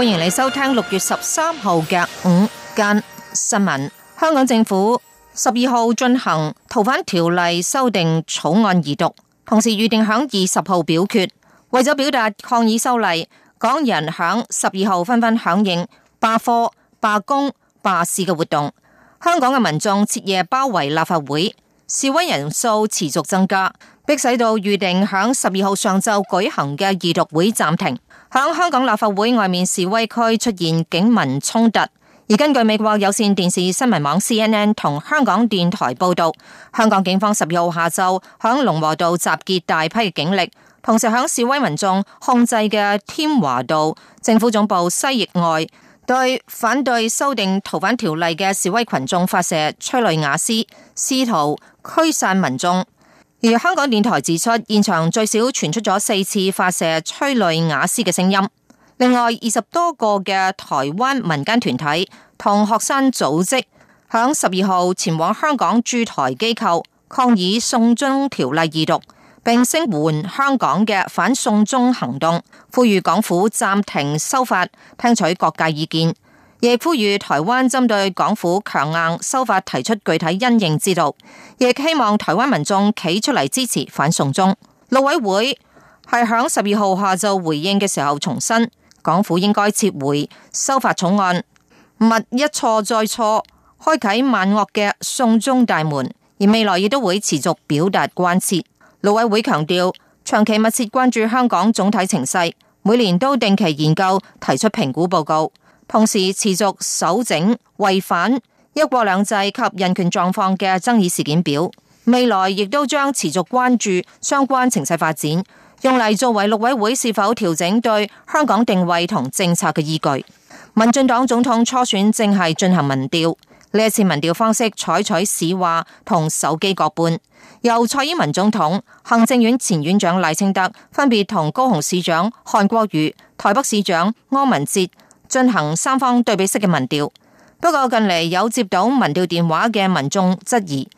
歡迎你收聽六月十三號嘅午間新聞。香港政府十二號進行逃犯條例修訂草案二讀，同時預定響二十號表決。為咗表達抗議修例，港人響十二號紛紛響應罷課、罷工、罷市嘅活動。香港嘅民眾徹夜包圍立法會，示威人數持續增加，迫使到預定響十二號上晝舉行嘅二讀會暫停。喺香港立法會外面示威區出現警民衝突，而根據美國有線電視新聞網 CNN 同香港電台報道，香港警方十二號下晝喺龍和道集結大批警力，同時喺示威民眾控制嘅添華道政府總部西翼外，對反對修訂逃犯條例嘅示威群眾發射催淚瓦斯，試圖驅散民眾。而香港電台指出，現場最少傳出咗四次發射催淚瓦斯嘅聲音。另外，二十多個嘅台灣民間團體同學生組織，響十二號前往香港駐台機構抗議送中條例二讀，並聲援香港嘅反送中行動，呼籲港府暫停修法，聽取各界意見。亦呼籲台灣針對港府強硬修法提出具體因應之道，亦希望台灣民眾企出嚟支持反送中。陸委會係響十二號下晝回應嘅時候，重申港府應該撤回修法草案，勿一錯再錯，開啟萬惡嘅送中大門。而未來亦都會持續表達關切。陸委會強調，長期密切關注香港總體情勢，每年都定期研究，提出評估報告。同時持續蒐整違反一國兩制及人權狀況嘅爭議事件表，未來亦都將持續關注相關情勢發展，用嚟作為陸委會是否調整對香港定位同政策嘅依據。民進黨總統初選正係進行民調，呢一次民調方式採取市話同手機各半，由蔡英文總統、行政院前院長賴清德分別同高雄市長韓國瑜、台北市長柯文哲。進行三方對比式嘅民調，不過近嚟有接到民調電話嘅民眾質疑，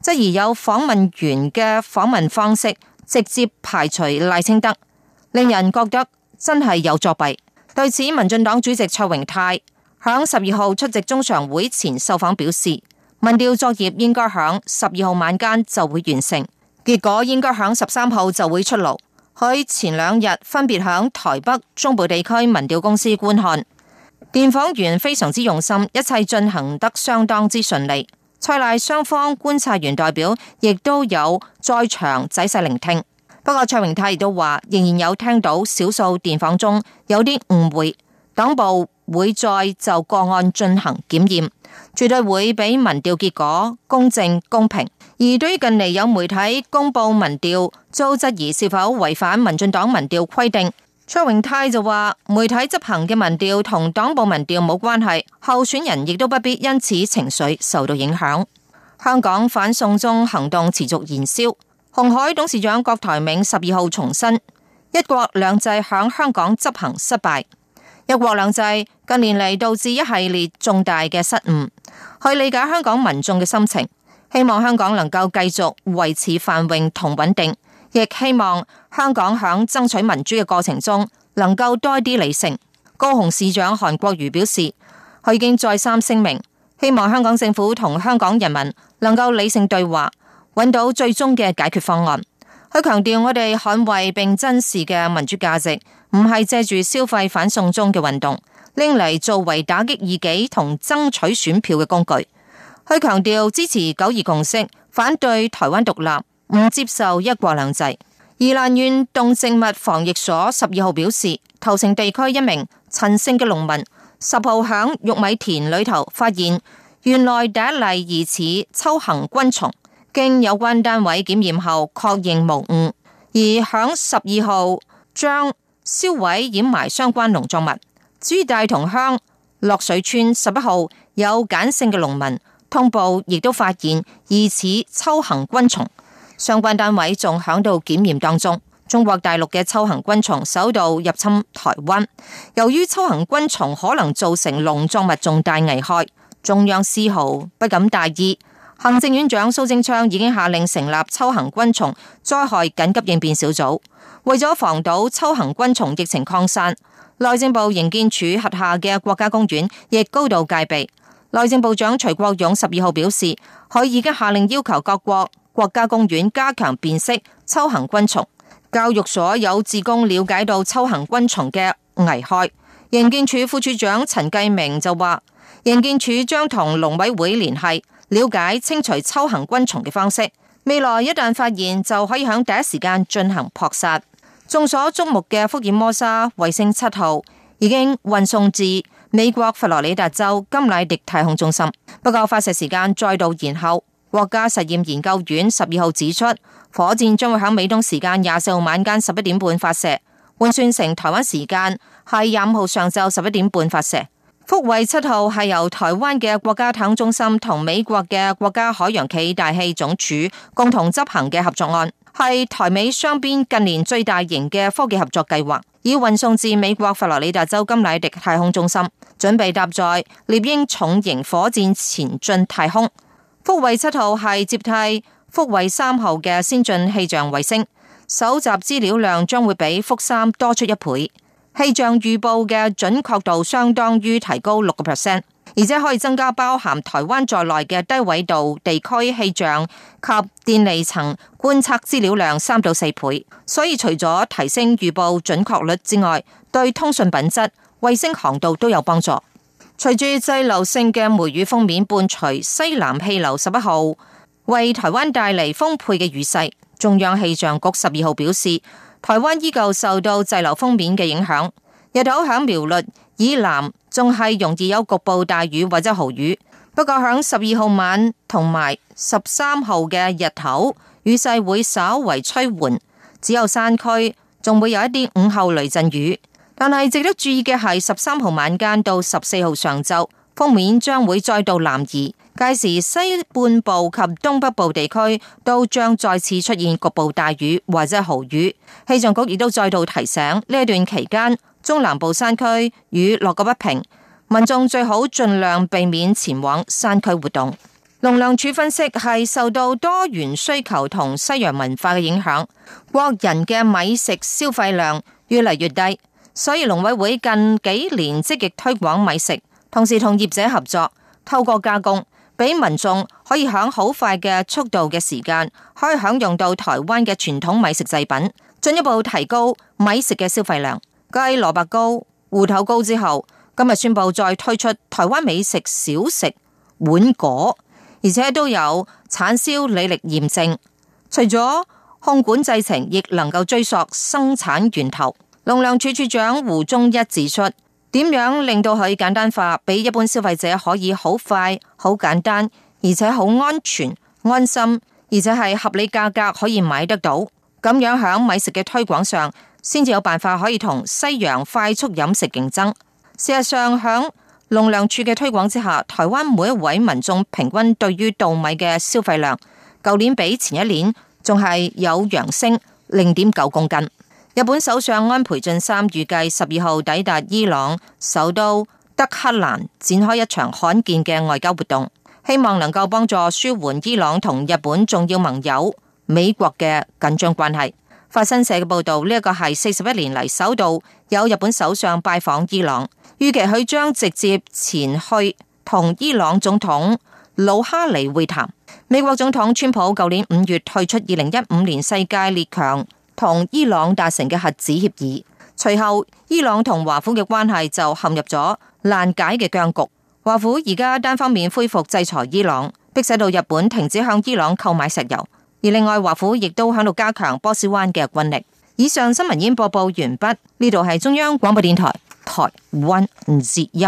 質疑有訪問員嘅訪問方式直接排除賴清德，令人覺得真係有作弊。對此，民進黨主席卓榮泰響十二號出席中常會前受訪表示，民調作業應該響十二號晚間就會完成，結果應該響十三號就會出爐。佢前兩日分別響台北、中部地區民調公司觀看。電訪員非常之用心，一切進行得相當之順利。蔡賴雙方觀察員代表亦都有在場仔細聆聽。不過卓榮泰亦都話，仍然有聽到少數電訪中有啲誤會，黨部會再就個案進行檢驗，絕對會畀民調結果公正公平。而對於近嚟有媒體公布民調遭質疑是否違反民進黨民調規定？卓榮泰就話：媒體執行嘅民調同黨部民調冇關係，候選人亦都不必因此情緒受到影響。香港反送中行動持續燃燒，鴻海董事長郭台銘十二號重申：一國兩制喺香港執行失敗，一國兩制近年嚟導致一系列重大嘅失誤。去理解香港民眾嘅心情，希望香港能夠繼續維持繁榮同穩定，亦希望。香港響爭取民主嘅過程中，能夠多啲理性。高雄市長韓國瑜表示，佢已經再三聲明，希望香港政府同香港人民能夠理性對話，揾到最終嘅解決方案。佢強調，我哋捍衛並珍視嘅民主價值，唔係借住消費反送中嘅運動，拎嚟作為打擊異己同爭取選票嘅工具。佢強調支持九二共識，反對台灣獨立，唔接受一國兩制。宜蘭縣動植物防疫所十二號表示，頭城地區一名陳姓嘅農民十號響玉米田裏頭發現，縣內第一例疑似秋行軍蟲，經有關單位檢驗後確認無誤，而響十二號將銷毀掩埋相關農作物。至於大同鄉落水村十一號有簡姓嘅農民通報，亦都發現疑似秋行軍蟲。相關單位仲響度檢驗當中。中國大陸嘅秋行軍蟲首度入侵台灣，由於秋行軍蟲可能造成農作物重大危害，中央絲毫不敢大意。行政院長蘇貞昌已經下令成立秋行軍蟲災害緊急應變小組，為咗防堵秋行軍蟲疫情擴散，內政部營建署轄下嘅國家公園亦高度戒備。內政部長徐國勇十二號表示，佢已經下令要求各國。國家公園加強辨識秋行軍蟲，教育所有志工了解到秋行軍蟲嘅危害。營建署副署長陳繼明就話，營建署將同農委會聯繫，了解清除秋行軍蟲嘅方式。未來一旦發現，就可以喺第一時間進行撲殺。眾所矚目嘅福爾摩沙衛星七號已經運送至美國佛羅里達州金乃迪太空中心，不過發射時間再度延後。國家實驗研究院十二號指出，火箭將會喺美東時間廿四號晚間十一點半發射，換算成台灣時間係廿五號上晝十一點半發射。福衛七號係由台灣嘅國家太空中心同美國嘅國家海洋暨大氣總署共同執行嘅合作案，係台美雙邊近年最大型嘅科技合作計劃，已運送至美國佛羅里達州甘迺迪太空中心，準備搭載獵鷹重型火箭前進太空。福衛七號係接替福衛三號嘅先進氣象衛星，搜集資料量將會比福三多出一倍，氣象預報嘅準確度相當於提高六個 percent，而且可以增加包含台灣在內嘅低緯度地區氣象及電離層觀測資料量三到四倍，所以除咗提升預報準確率之外，對通訊品質、衛星航道都有幫助。隨住滯留性嘅梅雨鋒面伴隨西南氣流，十一號為台灣帶嚟豐沛嘅雨勢。中央氣象局十二號表示，台灣依舊受到滯留鋒面嘅影響，日頭響苗栗以南仲係容易有局部大雨或者豪雨。不過響十二號晚同埋十三號嘅日頭，雨勢會稍為趨緩，只有山區仲會有一啲午後雷陣雨。但係，值得注意嘅係，十三號晚間到十四號上晝，鋒面將會再度南移，屆時西半部及東北部地區都將再次出現局部大雨或者豪雨。氣象局亦都再度提醒，呢一段期間中南部山區雨落個不平，民眾最好盡量避免前往山區活動。農糧署分析係受到多元需求同西洋文化嘅影響，國人嘅米食消費量越嚟越低。所以農委會近幾年積極推廣米食，同時同業者合作，透過加工，俾民眾可以享好快嘅速度嘅時間，可以享用到台灣嘅傳統米食製品，進一步提高米食嘅消費量。繼蘿卜糕、芋頭糕之後，今日宣布再推出台灣美食小食碗粿，而且都有產銷履歷驗證，除咗控管製程，亦能夠追溯生產源頭。農糧處處長胡忠一指出，點樣令到佢以簡單化，比一般消費者可以好快、好簡單，而且好安全、安心，而且係合理價格可以買得到，咁樣響米食嘅推廣上，先至有辦法可以同西洋快速飲食競爭。事實上，響農糧處嘅推廣之下，台灣每一位民眾平均對於稻米嘅消費量，舊年比前一年仲係有揚升零點九公斤。日本首相安倍晉三預計十二號抵達伊朗首都德黑蘭，展開一場罕見嘅外交活動，希望能夠幫助舒緩伊朗同日本重要盟友美國嘅緊張關係。法新社嘅報道，呢一個係四十一年嚟，首度有日本首相拜訪伊朗，預期佢將直接前去同伊朗總統魯哈尼會談。美國總統川普舊年五月退出二零一五年世界列強。同伊朗達成嘅核子協議，隨後伊朗同華府嘅關係就陷入咗難解嘅僵局。華府而家單方面恢復制裁伊朗，迫使到日本停止向伊朗購買石油。而另外，華府亦都響度加強波斯灣嘅軍力。以上新聞已經播報完畢，呢度係中央廣播電台台灣之音。